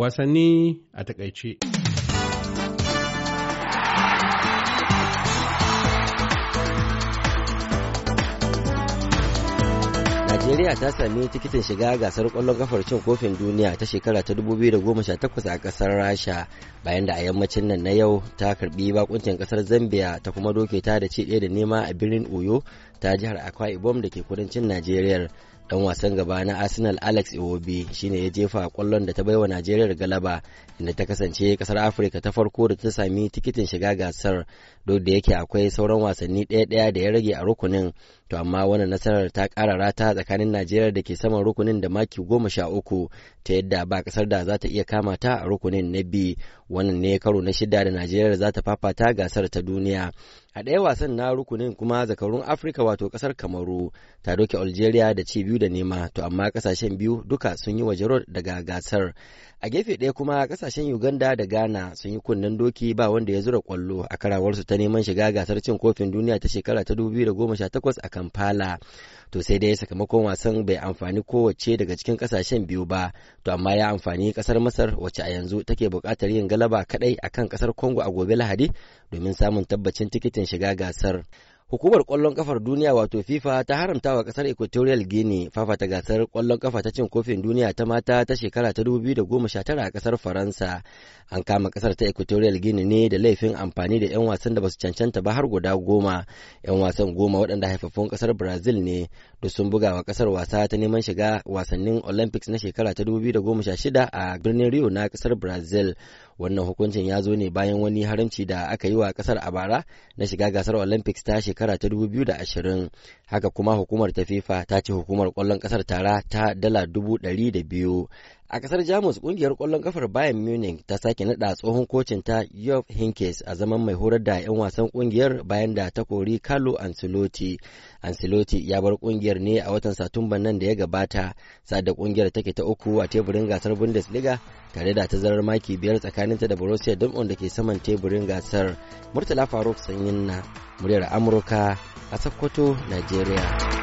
Wasanni a takaice. Najeriya ta sami tikitin shiga gasar kwallon kafar cin kofin duniya ta shekara ta 2018 a kasar Rasha bayan da a yammacin nan na yau ta karbi bakuncin kasar Zambia ta kuma doke ta da ci ɗaya da nema a birnin Oyo ta jihar akwa ibom da ke kudancin najeriya dan wasan gaba na arsenal alex iwobi shine ya jefa kwallon da ta baiwa najeriya galaba inda ta kasance kasar afirka ta farko da ta sami tikitin shiga gasar duk da yake akwai sauran wasanni ɗaya-ɗaya da ya rage a rukunin to amma wannan nasarar ta ƙara rata tsakanin najeriya da ke saman rukunin da maki goma sha uku ta yadda ba kasar da za ta iya kama ta a rukunin na biyu wannan ne karo na shida da najeriya za ta fafata gasar ta duniya a ɗaya wasan na rukunin kuma zakarun afirka wato ƙasar kamaru ta doke algeria da ci biyu da nema to amma ƙasashen biyu duka sun yi waje daga gasar a gefe ɗaya kuma ƙasashen uganda da ghana sun yi kunnen doki ba wanda ya zura kwallo a karawarsu ta neman shiga gasar cin kofin duniya ta shekara ta 2018 a kampala to sai dai sakamakon wasan bai amfani kowace daga cikin ƙasashen biyu ba to amma ya amfani ƙasar masar wacce a yanzu take buƙatar yin galaba kaɗai akan ƙasar congo a gobe lahadi domin samun tabbacin tikitin tikitin shiga gasar. Hukumar ƙwallon ƙafar duniya wato FIFA ta haramta wa ƙasar Equatorial Guinea fafata gasar ƙwallon ƙafa ta cin kofin duniya ta mata ta shekara ta 2019 a ƙasar Faransa. An kama ƙasar ta Equatorial Guinea ne da laifin amfani da 'yan wasan da basu cancanta ba har guda goma. 'Yan wasan goma waɗanda haifaffun ƙasar Brazil ne da sun buga wa ƙasar wasa ta neman shiga wasannin Olympics na shekara ta 2016 a birnin Rio na ƙasar Brazil. wannan hukuncin ya zo ne bayan wani haramci da aka yi wa kasar a bara na shiga gasar olympics ta shekara ta 2020 haka kuma hukumar ta fifa ta ce hukumar kwallon kasar tara ta dala biyu. a kasar jamus kungiyar kwallon kafar bayan munich ta sake nada tsohon kocin ta yof hinkes a zaman mai horar da 'yan wasan kungiyar bayan da ta kori carlo ancelotti ancelotti ya bar kungiyar ne a watan satumba nan da ya gabata sa da kungiyar take ta uku a teburin gasar bundesliga tare da tazarar maki biyar tsakaninta da borussia dortmund da ke saman teburin gasar murtala faruk sanyin na muryar amurka a sokoto nigeria